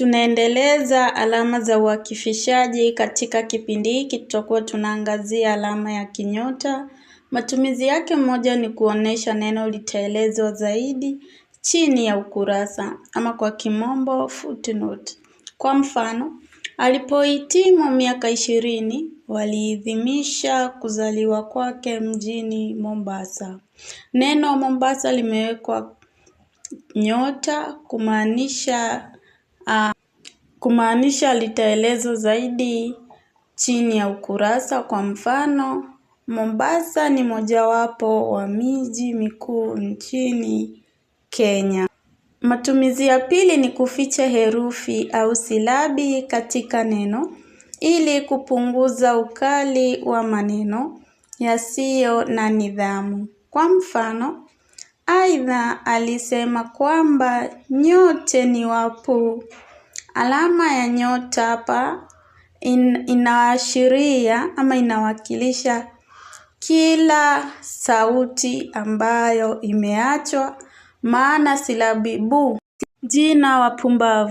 Tunaendeleza alama za uakifishaji. Katika kipindi hiki tutakuwa tunaangazia alama ya kinyota. Matumizi yake moja ni kuonesha neno litaelezwa zaidi chini ya ukurasa ama kwa kimombo footnote. Kwa mfano, alipohitimu miaka ishirini waliidhimisha kuzaliwa kwake mjini Mombasa. Neno Mombasa limewekwa nyota kumaanisha Uh, kumaanisha litaelezwa zaidi chini ya ukurasa. Kwa mfano, Mombasa ni mojawapo wa miji mikuu nchini Kenya. Matumizi ya pili ni kuficha herufi au silabi katika neno ili kupunguza ukali wa maneno yasiyo na nidhamu. Kwa mfano, Aidha alisema kwamba nyote ni wapu. Alama ya nyota hapa in, inaashiria ama inawakilisha kila sauti ambayo imeachwa maana silabi bu jina wapumbavu.